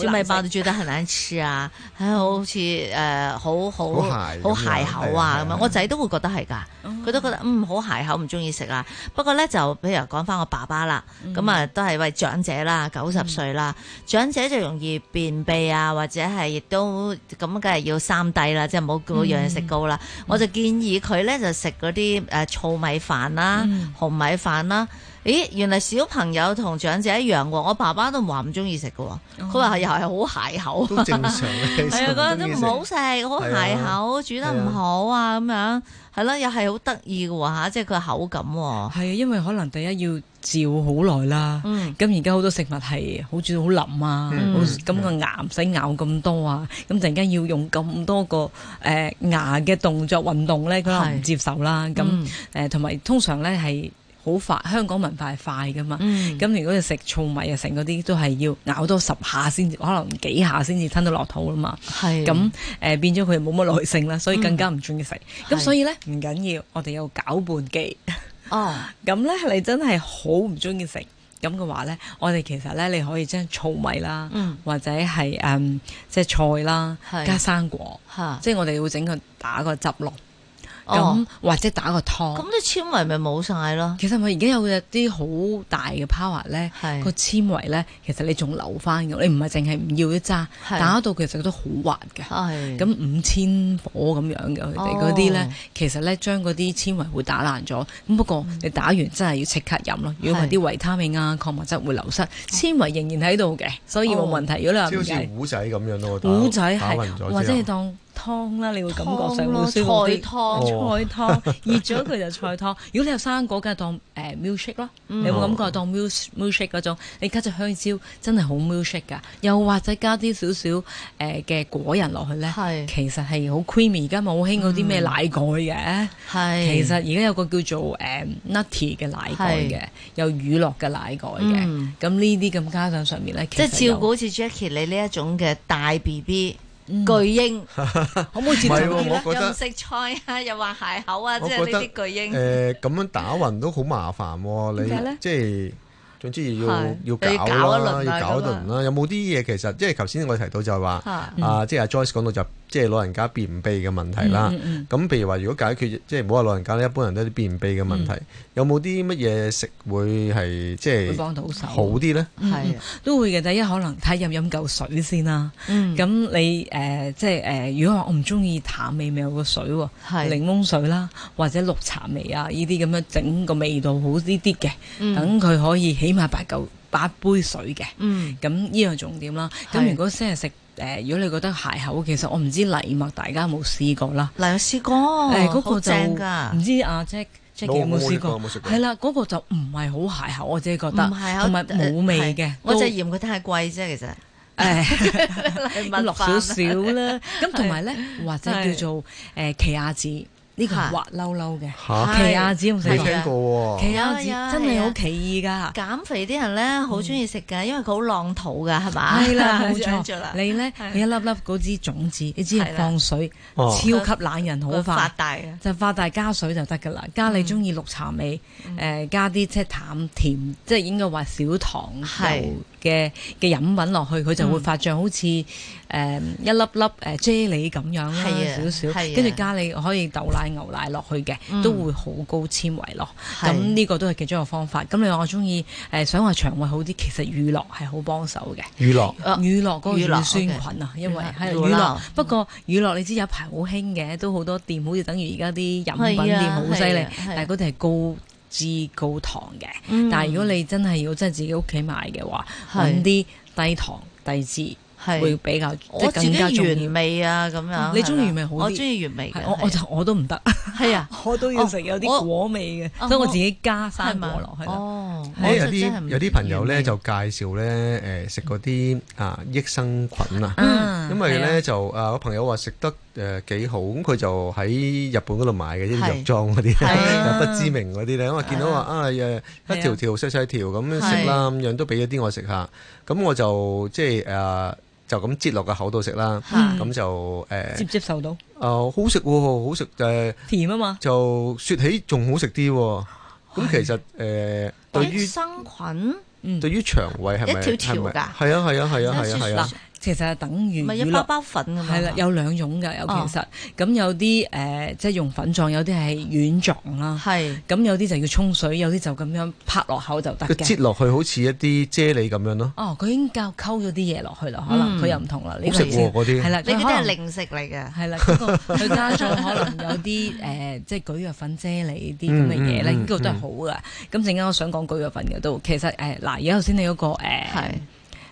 粟米包都煮得好難食啊，好似誒好好好鞋口啊咁樣，我仔都會覺得係㗎，佢都覺得嗯好鞋口唔中意食啊。不過咧就譬如講翻我爸爸啦，咁啊都係為長者啦，九十歲啦，長者就容易便秘啊，或者係亦都咁梗係要三低啦，即係冇冇樣食高啦。我就建議佢咧就食嗰啲誒糙米飯啦、紅米飯啦。咦，原來小朋友同長者一樣喎，我爸爸都話唔中意食嘅，佢話係好鞋口，都正常係啊，覺得都唔好食，好鞋口，煮得唔好啊，咁樣係咯，又係好得意嘅喎嚇，即係佢口感喎。係啊，因為可能第一要照好耐啦，咁而家好多食物係好煮好腍啊，咁個牙唔使咬咁多啊，咁突然間要用咁多個誒牙嘅動作運動咧，佢都唔接受啦。咁誒，同埋通常咧係。好快，香港文化係快噶嘛？咁、嗯、如果你食糙米啊，成嗰啲都係要咬多十下先至，可能幾下先至吞得落肚㗎嘛。係是，咁誒、呃、變咗佢冇乜耐性啦，所以更加唔中意食。咁、嗯、所以咧唔緊要，我哋有攪拌機。哦、啊，咁咧你真係好唔中意食，咁嘅話咧，我哋其實咧你可以將糙米啦，嗯、或者係誒、嗯、即係菜啦，是加生果，是即係我哋會整個打個汁落。咁或者打個湯，咁啲纖維咪冇晒咯。其實咪而家有啲好大嘅 power 咧，個纖維咧，其實你仲留翻嘅，你唔係淨係唔要一揸，打到其實都好滑嘅。咁五千火咁樣嘅佢哋嗰啲咧，其實咧將嗰啲纖維會打爛咗。咁不過你打完真係要即刻飲咯。如果係啲維他命啊、礦物質會流失，纖維仍然喺度嘅，所以冇問題。如果啦，好似糊仔咁樣咯，打勻咗之後，或者係當，湯啦，你會感覺上會舒服啲。菜湯，菜湯，熱咗佢就菜湯。如果你有生果，梗係當誒 mushy 咯。你有冇感覺當 mushy mushy 嗰種？你加隻香蕉真係好 mushy 噶又或者加啲少少誒嘅果仁落去咧，其實係好 creamy。而家冇好興嗰啲咩奶蓋嘅，其實而家有個叫做誒 nutty 嘅奶蓋嘅，有乳酪嘅奶蓋嘅。咁呢啲咁加上上面咧，即係照顧好似 Jackie 你呢一種嘅大 B B。巨嬰 啊、可冇注重啲啦，金食菜啊，又話鞋口啊，即係呢啲巨嬰。誒咁、呃、樣打混都好麻煩喎，啊，你即係總之要是要搞啦，要搞一輪啦。段段的有冇啲嘢其實即係頭先我哋提到就係話的啊，即係阿 Joyce 講到就是。即係老人家便秘嘅問題啦，咁譬如話，如果解決，即係唔好話老人家，一般人都啲便秘嘅問題，有冇啲乜嘢食會係即係幫到手好啲咧？係，都會嘅，第一可能睇飲飲夠水先啦。咁你誒即係誒，如果我唔中意淡味味嘅水喎，檸檬水啦，或者綠茶味啊呢啲咁樣整個味道好啲啲嘅，等佢可以起碼八九八杯水嘅。咁呢樣重點啦？咁如果先係食。誒，如果你覺得鞋口，其實我唔知禮物大家有冇試過啦。黎有試過，誒嗰個就唔知阿 Jack Jack 有冇試過？係啦，嗰個就唔係好鞋口，我只係覺得，唔同埋冇味嘅。我就嫌佢太貴啫，其實禮物落少少啦。咁同埋咧，或者叫做誒奇亞籽。呢個滑溜溜嘅，奇亞籽唔使聽過喎，奇亞籽真係好奇異噶。減肥啲人咧，好中意食㗎，因為佢好浪土㗎，係嘛？係啦，冇錯。你咧，你一粒粒嗰支種子，你只係放水，超級懶人好快發大，就發大加水就得㗎啦。加你中意綠茶味，誒加啲即係淡甜，即係應該話少糖係，嘅嘅飲品落去，佢就會發脹，好似誒一粒粒誒啫喱咁樣啦，少少，跟住加你可以豆奶、牛奶落去嘅，都會好高纖維咯。咁呢個都係其中一個方法。咁你話我中意誒想話腸胃好啲，其實乳酪係好幫手嘅。乳酪，誒乳酪嗰個乳酸菌啊，因為係乳酪。不過乳酪，你知有排好興嘅，都好多店好似等於而家啲飲品店好犀利，但係嗰啲係高。至高糖嘅，但係如果你真係要真係自己屋企買嘅話，揾啲低糖低脂會比較，即係更加原味啊咁樣。你中意原味好啲？我中意原味嘅，我我就我都唔得。係啊，我都要食有啲果味嘅，所以我自己加晒生果落去。哦，有啲有啲朋友咧就介紹咧誒食嗰啲啊益生菌啊，因為咧就啊我朋友話食得。誒，幾好。咁佢就喺日本嗰度買嘅藥妝嗰啲，不知名嗰啲咧，因為見到話啊，一條條細細條咁食啦，咁樣都俾咗啲我食下，咁我就即係誒，就咁接落個口度食啦，咁就誒接接受到，好食喎，好食就甜啊嘛，就雪起仲好食啲，咁其實誒對於生菌，對於腸胃係咪一條條係啊係啊係啊係啊係啊。其實係等於，唔係一包包粉咁樣，係啦，有兩種嘅有其實，咁有啲誒即係用粉狀，有啲係軟狀啦。係，咁有啲就要沖水，有啲就咁樣拍落口就得嘅。佢擠落去好似一啲啫喱咁樣咯。哦，佢已經夾溝咗啲嘢落去啦，可能佢又唔同啦。呢個係零食喎嗰啲。係啦，呢啲係零食嚟嘅。係啦，佢加上可能有啲誒即係蒟蒻粉啫喱啲咁嘅嘢咧，呢個都係好嘅。咁陣間我想講蒟蒻粉嘅都其實誒嗱，而家頭先你嗰個誒。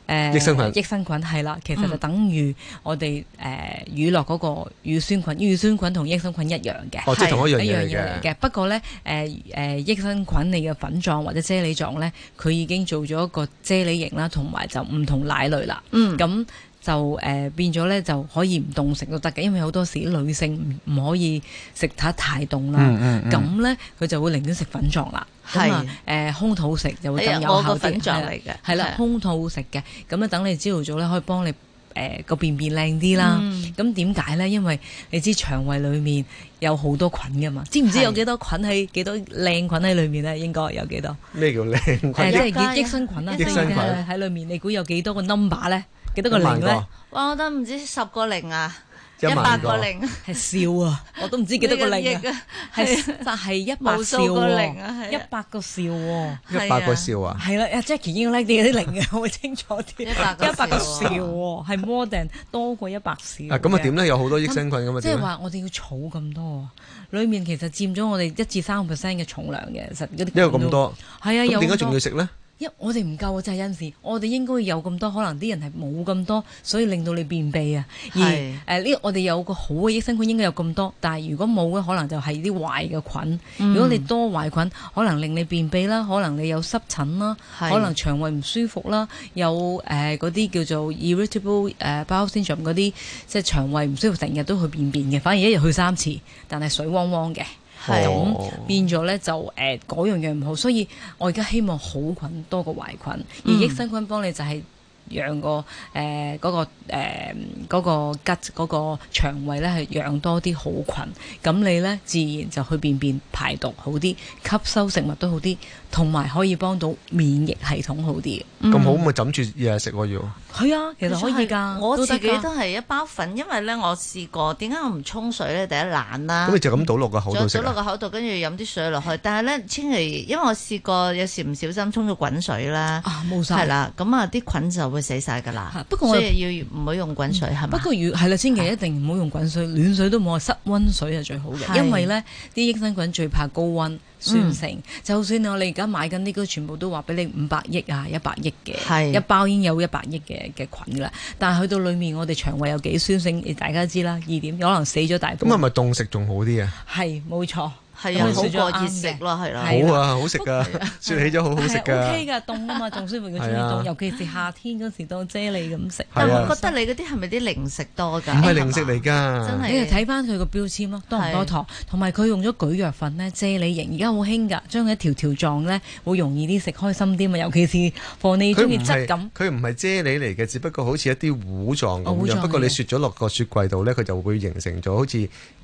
呃、益生菌，益生菌係啦，其實就等於我哋誒乳酪嗰個乳酸菌，乳酸菌同益生菌一樣嘅，哦，是即係同一樣嘢嚟嘅。不過咧，誒、呃、誒益生菌你嘅粉狀或者啫喱狀咧，佢已經做咗一個啫喱型啦，同埋就唔同奶類啦，咁、嗯。就誒變咗咧，就可以唔凍食都得嘅，因為好多時女性唔可以食太太凍啦。咁咧佢就會寧願食粉狀啦，咁啊空肚食就會更有效嚟嘅。係啦，空肚食嘅，咁咧等你朝頭早咧可以幫你誒個便便靚啲啦。咁點解咧？因為你知腸胃裡面有好多菌嘅嘛，知唔知有幾多菌喺幾多靚菌喺裡面咧？應該有幾多？咩叫靚菌？即係益生菌啦，益生菌喺裡面，你估有幾多個 number 咧？幾多個零咧？哇、嗯，我都唔知十個零啊，一百個零係笑啊！我都唔知幾多個零啊，係但係一百個零啊，一百個笑啊，係啦，Jacky 應該拉啲嗰啲零嘅，會清楚啲。一百個笑，係 modern 多過一百少。咁啊點咧？有好多益生菌咁啊，即係話我哋要儲咁多啊？裏面其實佔咗我哋一至三個 percent 嘅重量嘅，實嗰啲都因為咁多，係啊，有、嗯。點解仲要食咧？因我哋唔夠啊！真係有陣時，我哋應該有咁多，可能啲人係冇咁多，所以令到你便秘啊。是而誒呢、呃，我哋有個好嘅益生菌應該有咁多，但係如果冇嘅，可能就係啲壞嘅菌。嗯、如果你多壞菌，可能令你便秘啦，可能你有濕疹啦，是可能腸胃唔舒服啦，有誒嗰啲叫做 irritable 誒、uh, bowel syndrome 嗰啲，即係腸胃唔舒服，成日都去便便嘅，反而一日去三次，但係水汪汪嘅。係變咗咧，就誒嗰、呃、樣樣唔好，所以我而家希望好菌多過壞菌，而益生菌幫你就係、係，養個誒嗰、呃、個誒吉嗰個腸胃咧，係養多啲好菌，咁你咧自然就去便便排毒好啲，吸收食物都好啲，同埋可以幫到免疫系統好啲。咁、嗯、好唔咪枕住嘢食喎要？係啊，其實可以㗎。我自己都係一包粉，因為咧我試過點解我唔沖水咧？第一懶啦。咁你就咁倒落個口度倒落個口度，跟住飲啲水落去。但係咧，千祈因為我試過有時唔小心沖咗滾水啦，冇晒。係啦、啊，咁啊啲菌就。會死晒噶啦，是不過我哋要唔好用滾水係嘛，嗯吧嗯。不過要係啦，千祈一定唔好用滾水，是暖水都冇，室溫水係最好嘅。是因為咧，啲益生菌最怕高溫酸性。嗯、就算我哋而家買緊呢個，全部都話俾你五百億啊，一百億嘅，是一包已經有一百億嘅嘅菌啦。但係去到裏面，我哋腸胃有幾酸性，大家知啦。二點有可能死咗大半，咁係咪凍食仲好啲啊？係冇錯。係啊，好過熱食咯，係啦，好啊，好食噶，雪起咗好好食噶。O K 嘅，凍啊嘛，仲舒服過中意凍，尤其是夏天嗰時當啫喱咁食。但係我覺得你嗰啲係咪啲零食多㗎？唔係零食嚟㗎，真係你睇翻佢個標籤咯，多唔多糖？同埋佢用咗蒟蒻粉咧，啫喱型而家好興㗎，將佢一條條狀咧會容易啲食，開心啲嘛。尤其是放你中意質感，佢唔係啫喱嚟嘅，只不過好似一啲糊狀咁樣。不過你雪咗落個雪櫃度咧，佢就會形成咗好似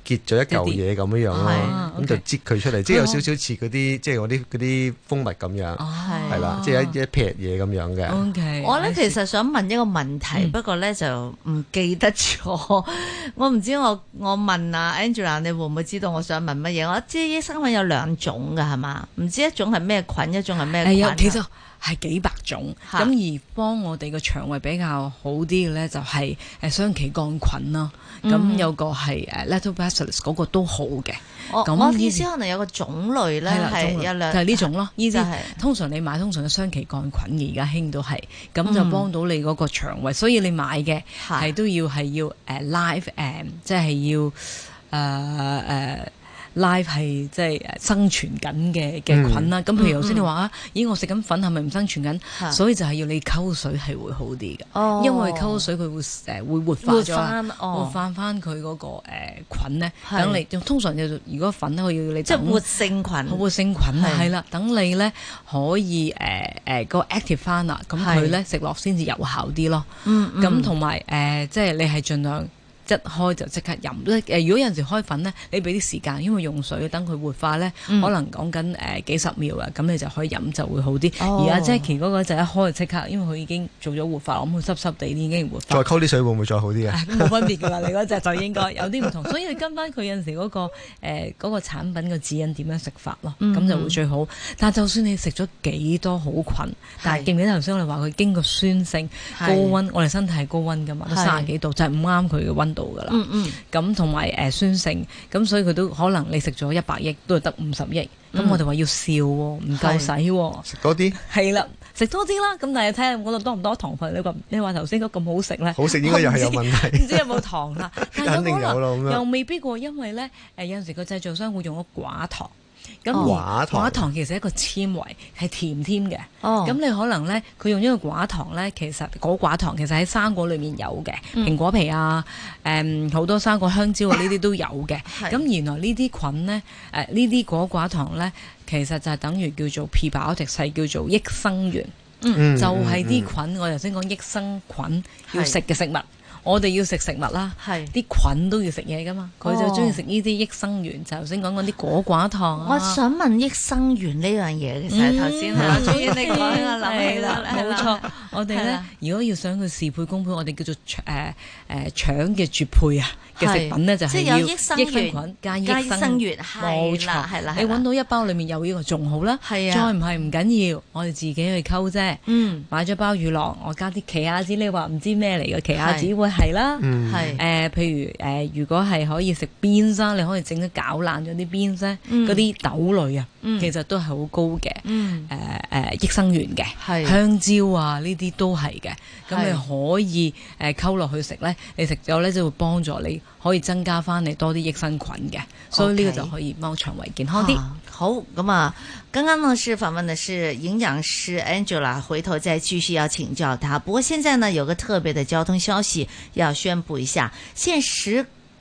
結咗一嚿嘢咁樣樣咯。咁就截佢出嚟，即係有少少似嗰啲，哦、即係啲嗰啲蜂蜜咁樣，係啦、哦，了即係一、啊、一撇嘢咁樣嘅。Okay, 我咧呢其實想問一個問題，嗯、不過咧就唔記得咗， 我唔知我我問啊 Angela，你會唔會知道我想問乜嘢？我知益生菌有兩種㗎係嘛，唔知一種係咩菌，一種係咩菌啊？哎係幾百種，咁而幫我哋個腸胃比較好啲嘅咧，就係誒雙歧桿菌啦。咁有個係誒 Lactobacillus 嗰個都好嘅。我我意思可能有個種類咧係一就係呢種咯。意思係通常你買通常嘅雙歧桿菌而家興到係，咁就幫到你嗰個腸胃。所以你買嘅係都要係要誒 live and，即係要誒誒。live 係即係生存緊嘅嘅菌啦，咁譬如頭先你話啊，咦我食緊粉係咪唔生存緊？所以就係要你溝水係會好啲嘅，因為溝水佢會誒會活化咗，活化翻佢嗰個誒菌咧，等你通常就如果粉佢要你即係活性菌，活性菌係啦，等你咧可以誒誒個 active 翻啦，咁佢咧食落先至有效啲咯。咁同埋誒即係你係儘量。一開就即刻飲咧。誒、呃，如果有陣時開粉咧，你俾啲時間，因為用水等佢活化咧，嗯、可能講緊誒幾十秒啊，咁你就可以飲就會好啲。哦、而阿 Jackie 嗰個就一開就即刻，因為佢已經做咗活化，咁佢濕濕地已經活化。再溝啲水會唔會再好啲呀？冇分別㗎啦， 你嗰隻就應該有啲唔同。所以你跟翻佢有陣時嗰、嗰個誒嗰、呃嗰個、產品嘅指引點樣食法咯，咁、嗯嗯、就會最好。但係就算你食咗幾多好菌，是但係記唔記得頭先我哋話佢經過酸性、是高溫，我哋身體係高溫㗎嘛，都卅幾度，就係唔啱佢嘅溫度。是度噶啦，咁同埋誒酸性，咁所以佢都可能你食咗一百億都係得五十億，咁、嗯、我哋話要笑喎，哦，唔夠使喎，哦，多啲係啦，食 多啲啦，咁但係睇下我度多唔多糖分，你話你話頭先嗰咁好食咧，好食應，應該又係有問題，唔 知有冇糖啦， 肯定有又未必過，因為咧誒、呃、有時個製造商會用咗寡糖。咁寡糖其實一個纖維，係甜添嘅。咁、哦、你可能咧，佢用一個寡糖咧，其實果寡糖其實喺生果裡面有嘅，蘋果皮啊，誒好、嗯嗯、多生果、香蕉啊呢啲都有嘅。咁、啊、原來呢啲菌咧，誒呢啲果寡糖咧，其實就係等於叫做 p r e 係叫做益生元、嗯嗯。嗯，就係啲菌，我頭先講益生菌要食嘅食物。是我哋要食食物啦，啲菌都要食嘢噶嘛，佢就中意食呢啲益生元。就頭先講講啲果寡糖。我想問益生元呢樣嘢嘅，其實頭先啊，頭先你講我諗起啦，冇錯。我哋咧，如果要想佢事倍功倍，我哋叫做誒誒腸嘅絕配啊嘅食品咧，就係益生菌加益生元，冇錯，係啦。你搵到一包裏面有呢個仲好啦，再唔係唔緊要，我哋自己去溝啫。嗯，買咗包乳酪，我加啲奇亞籽，你話唔知咩嚟嘅奇亞籽會。係啦，係誒、嗯呃，譬如誒、呃，如果係可以食 Beans，你可以整啲攪爛咗啲 Beans，嗰啲、嗯、豆類啊。嗯、其實都係好高嘅，誒誒、嗯呃、益生元嘅，是香蕉啊呢啲都係嘅，咁是你可以誒溝落去食咧，你食咗咧就會幫助你可以增加翻你多啲益生菌嘅，所以呢個就可以幫腸胃健康啲 Okay.、啊。好，咁啊，剛剛呢位訪問嘅係營養師 Angela，回頭再繼續要請教她。不過現在呢有個特別嘅交通消息要宣布一下，現時。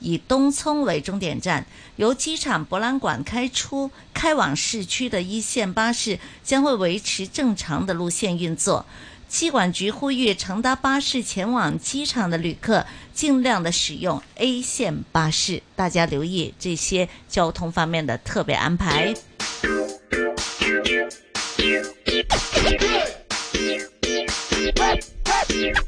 以東涌為終點站，由機場博覽館開出，開往市區的一綫巴士將會維持正常的路綫運作。機管局呼籲乘搭巴士前往機場的旅客，盡量的使用 A 綫巴士，大家留意這些交通方面的特別安排。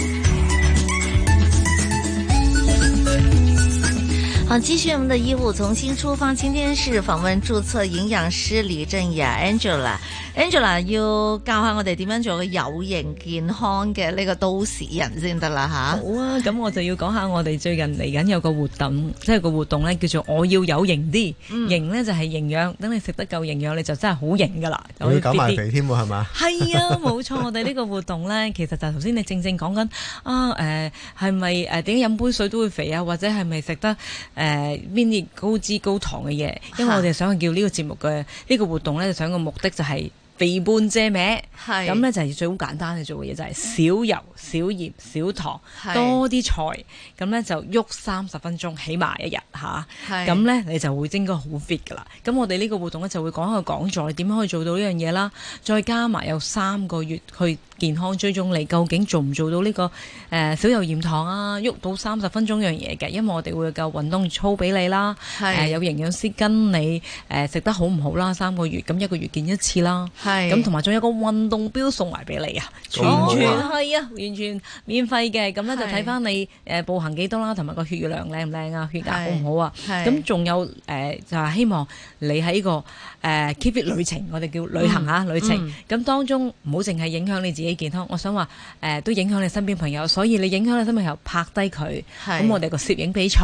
繼續我們的衣物重新出發，今天是訪問注冊營養師李正雅 Angela。Angela 要教下我哋點樣做個有型健康嘅呢個都市人先得啦吓。啊好啊，咁我就要講下我哋最近嚟緊有個活動，即係個活動咧叫做我要有型啲，嗯、型咧就係營養。等你食得夠營養，你就真係好型噶啦。要搞埋肥添喎，係嘛？係 啊，冇錯。我哋呢個活動咧，其實就頭先你正正講緊啊，誒係咪誒點解飲杯水都會肥啊？或者係咪食得誒邊啲高脂高糖嘅嘢？因為我哋想叫呢個節目嘅呢、這個活動咧，就想個目的就係、是。肥半遮咩？咁呢是就係最好簡單嘅做嘅嘢，就係少油、少鹽、少糖，多啲菜。咁呢是就喐三十分鐘，起碼一日嚇。咁、啊、咧是你就會應該好 fit 㗎啦。咁我哋呢個活動呢，就會講一個講座，點樣可以做到呢樣嘢啦？再加埋有三個月去健康追蹤你，究竟做唔做到呢、這個誒少、呃、油鹽糖啊？喐到三十分鐘樣嘢嘅。因為我哋會有運動操俾你啦、呃，有營養師跟你誒、呃、食得好唔好啦。三個月咁一個月見一次啦。咁同埋仲有個運動錶送埋俾你啊！完全係啊，完全免費嘅。咁咧就睇翻你誒步行幾多啦，同埋個血量靚唔靚啊，血壓好唔好啊？咁仲有誒就係希望你喺個誒 keep fit 旅程，我哋叫旅行啊旅程。咁當中唔好淨係影響你自己健康，我想話誒都影響你身邊朋友。所以你影響你身邊朋友拍低佢，咁我哋個攝影比賽，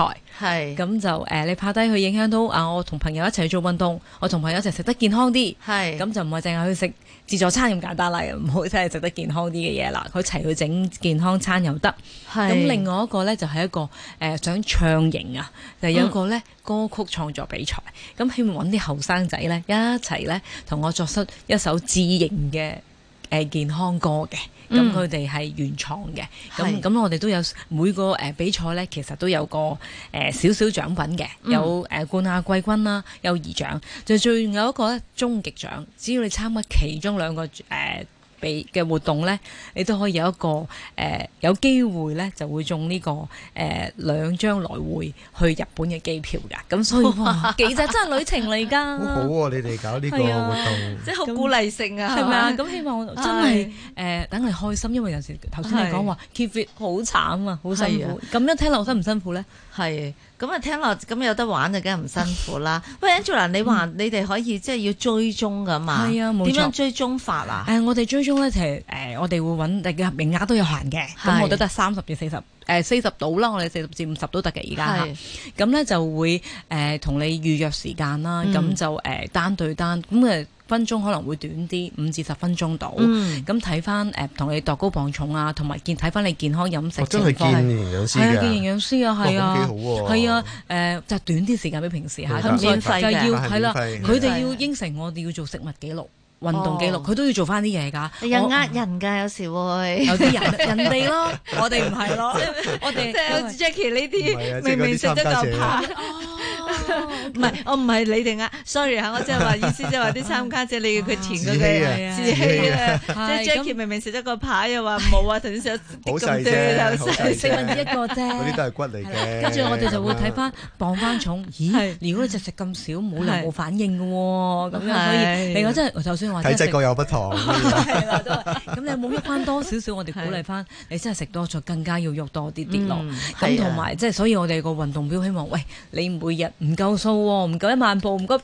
咁就誒你拍低佢，影響到啊我同朋友一齊做運動，我同朋友一齊食得健康啲，咁就唔係淨係。去食自助餐咁簡單啦，唔好真係食得健康啲嘅嘢啦。佢一齊去整健康餐又得。咁是另外一個咧就係一個誒、呃、想唱型啊，就有、是、個咧歌曲創作比賽。咁、嗯、希望搵啲後生仔咧一齊咧同我作出一首自型嘅。誒健康歌嘅，咁佢哋係原創嘅，咁咁、嗯、我哋都有每個誒比賽咧，其實都有個誒少少獎品嘅，有誒冠亞季軍啦，有二獎，就最有一個咧終極獎，只要你參加其中兩個誒。呃俾嘅活動咧，你都可以有一個誒、呃、有機會咧，就會中呢、這個誒、呃、兩張來回去日本嘅機票㗎。咁所以話哇幾集真係旅程嚟㗎。 好好啊，你哋搞呢個活動，啊、即係好鼓勵性啊，係咪啊？咁希望真係誒等你開心，因為有時頭先你講話是 keep fit 好慘啊，好辛苦。咁樣、啊、聽落，辛唔辛苦咧？嗯係咁啊，聽落咁有得玩就梗係唔辛苦啦。喂 ，Angela，你話你哋可以、嗯、即係要追蹤噶嘛？係啊，冇錯，點樣追蹤法啊？誒、呃，我哋追蹤咧就係誒，我哋會搵，第個名額都有限嘅。咁是我得得三十至四十誒四十到啦，我哋四十至五十都得嘅而家吓。咁咧是就會誒同、呃、你預約時間啦，咁、嗯、就誒、呃、單對單咁嘅。分鐘可能會短啲，五至十分鐘到。咁睇翻誒，同、呃、你度高磅重啊，同埋見睇翻你健康飲食情況係見營養師啊，係啊，係啊，誒、啊啊啊呃、就係、短啲時間比平時下，係、啊、免費就要。係啦、啊，佢哋、啊、要應承我哋要做食物記錄。運動記錄佢都要做翻啲嘢噶，有人呃人噶，有時會，有啲人人哋咯，我哋唔係咯，我哋即係好似 Jackie 呢啲，明明食得個牌，唔係，我唔係你哋啊，sorry 吓，我即係話意思即係話啲參加者你要佢填嗰個字，即係 Jackie 明明食得個牌又話冇啊，同時食咗咁多，四分之一個啫，嗰啲都係骨嚟嘅，跟住我哋就會睇翻磅翻重，咦，如果你就食咁少冇任何反應嘅，咁樣所以，另外真係就算。體質各有不同， 係啦，咁你有冇喐翻多少少？我哋鼓勵翻，你真係食多咗，更加要喐多啲啲囉。咁同埋即係，所以我哋個運動表希望，喂，你每日唔夠數喎，唔夠一萬步，唔該，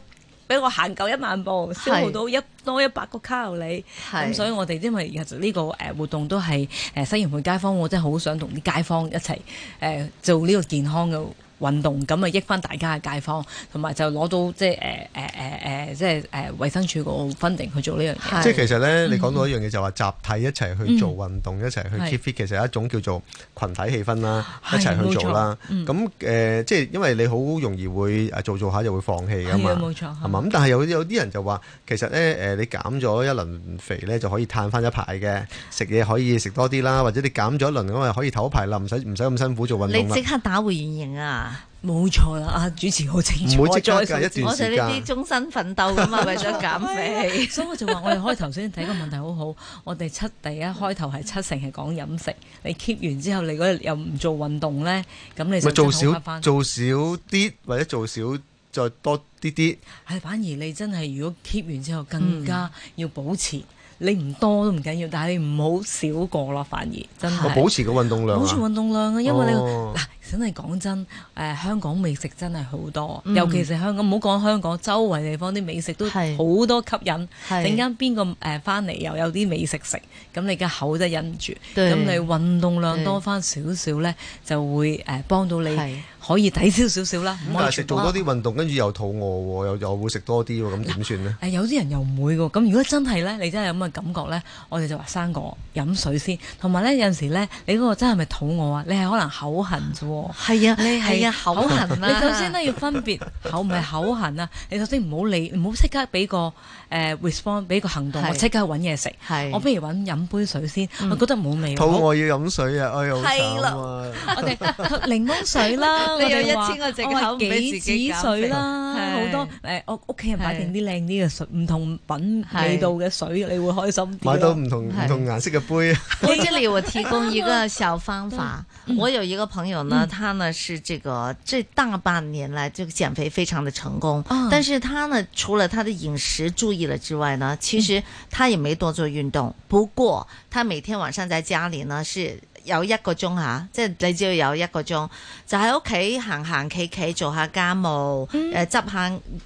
俾我行夠一萬步，消耗到一多一百個卡路里。咁、嗯、所以我哋因為其實呢個誒活動都係誒西營盤街坊，我真係好想同啲街坊一齊誒做呢個健康噶。運動咁咪益翻大家嘅街坊，同埋就攞到即係誒誒誒誒，即係誒衛生署個分 u 去做呢樣嘢。即係的 其實咧，你講到一樣嘢就話、是、集體一齊去做運動，嗯、一齊去 keep fit，的其實一種叫做群體氣氛啦，的一齊去做啦。咁誒錯，即係、嗯呃、因為你好容易會做一做下就會放棄㗎嘛。係啊，冇錯。係嘛的，咁但係有有啲人就話，其實咧誒，你減咗一輪肥咧，就可以嘆翻一排嘅，食嘢可以食多啲啦，或者你減咗一輪咁啊，可以唞一排啦，唔使唔使咁辛苦做運動。你即刻打回原形啊！冇錯啦，阿主持好清楚，我哋呢啲終身奮鬥咁啊，為咗減肥。所以我就話我哋開頭先睇個問題好好，我哋七第一開頭係七成係講飲食，你 keep 完之後你嗰日又唔做運動咧，咁你就做少做少啲，或者做少再多啲啲。係反而你真係如果 keep 完之後更加要保持，你唔多都唔緊要，但係你唔好少過咯，反而真係。我保持個運動量。保持運動量啊，因為你嗱。真係講真，誒、呃、香港美食真係好多，嗯、尤其係香港，唔好講香港，周圍地方啲美食都好多吸引。突然間邊個誒翻嚟又有啲美食食，食，咁你嘅口都忍唔住，咁對你運動量多翻少少咧，是就會誒幫到你可以抵消少少啦。咁是但係食做多啲運動，跟住又肚餓喎，又又會食多啲喎，咁點算呢？有啲人又唔會嘅，咁如果真係咧，你真係有咁嘅感覺咧，我哋就話生果飲水先，同埋咧有陣時咧，你嗰個真係咪肚餓啊？你係可能口痕 係啊，係啊，口痕啊。你首先都要分別口唔係口痕啊。你首先唔好理，唔好即刻俾個誒 respond，俾個行動，我即刻揾嘢食。我不如揾飲杯水先，我覺得冇味。肚餓要飲水啊！哎呀，係啦，我哋檸檬水啦，你有一千個借口唔俾自己減肥啦。好多屋企人買定啲靚啲嘅水，唔同品味道嘅水，你會開心啲。買到唔同唔同顏色嘅杯。我這裏我提供一個小方法，我有一個朋友啦。嗯、他呢是這個，這大半年來，這個減肥非常的成功。啊、但是他呢，除了他的飲食注意了之外呢，其實他也沒多做運動。嗯、不過他每天晚上在家裏呢，是有一個鐘吓、啊，即係你只要有一個鐘，就喺屋企行行企企，做下家務，誒執、嗯呃、下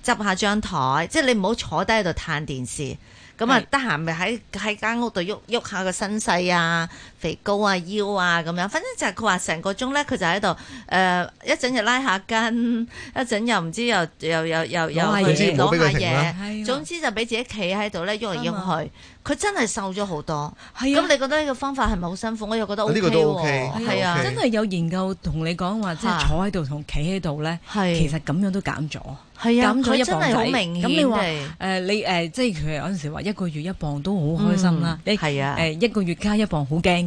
執下張台，即係你唔好坐低喺度嘆電視。咁、嗯、啊，得閒咪喺喺間屋度喐喐下個身勢啊。肥高啊腰啊咁樣，反正就佢話成個鐘咧，佢就喺度誒一陣就拉下筋，一陣又唔知又又又又又去攞下嘢，總之就俾自己企喺度咧，喐嚟喐去，佢真係瘦咗好多。咁你覺得呢個方法係咪好辛苦？我又覺得 O K，真係有研究同你講話，即係坐喺度同企喺度咧，其實咁樣都減咗，減咗真係好明顯。咁你話誒你誒即係佢有陣時話一個月一磅都好開心啦。係啊，一個月加一磅好驚。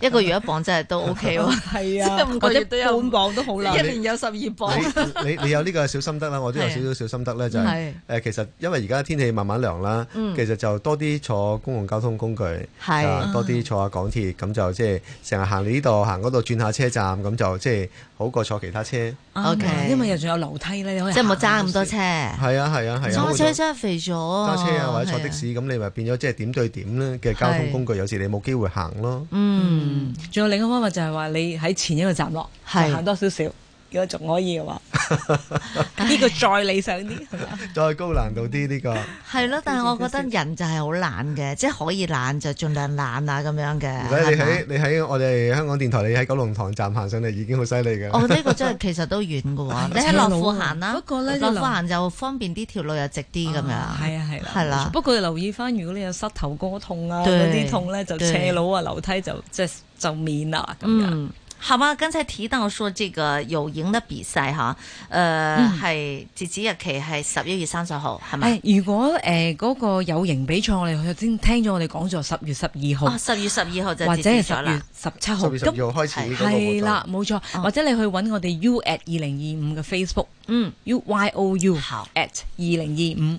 一個月一磅真係都 OK 喎，係啊，五個月都有五磅都好啦，一年有十二磅。你你有呢個小心得啦，我都有少少小心得咧，就係誒其實因為而家天氣慢慢涼啦，其實就多啲坐公共交通工具，係多啲坐下港鐵，咁就即係成日行呢度行嗰度轉下車站，咁就即係好過坐其他車。O K，因為又仲有樓梯咧，你可以即係唔好揸咁多車。係啊係啊係啊，坐車真係肥咗。揸車啊或者坐的士咁你咪變咗即係點對點咧嘅交通工具，有時你冇機會行咯。嗯。嗯，仲有另一個方法就係話你喺前一個站落，係行是多少少。如果仲可以嘅話，呢個再理想啲再高難度啲呢個？係咯，但係我覺得人就係好懶嘅，即係可以懶就盡量懶啊咁樣嘅。你喺你喺我哋香港電台，你喺九龍塘站行上嚟已經好犀利嘅。我呢個真係其實都遠嘅喎。你喺樂富行啦，不過咧樂富行就方便啲，條路又直啲咁樣。係啊係啦，係啦。不過留意返，如果你有膝頭哥痛啊嗰啲痛咧，就斜路啊樓梯就即係就免啦咁樣。好嘛，剛才提到我說這個有影的比賽吓，誒係截止日期係十一月三十號係嘛？如果誒嗰、呃那個有形比賽，我哋先聽咗我哋講座，十月十二號，十、哦、月十二號就截止，十月十七號咁要開始。係啦，冇錯，或者你去搵我哋 U at 二零二五嘅 Facebook，嗯，U Y O U 好 at 二零二五。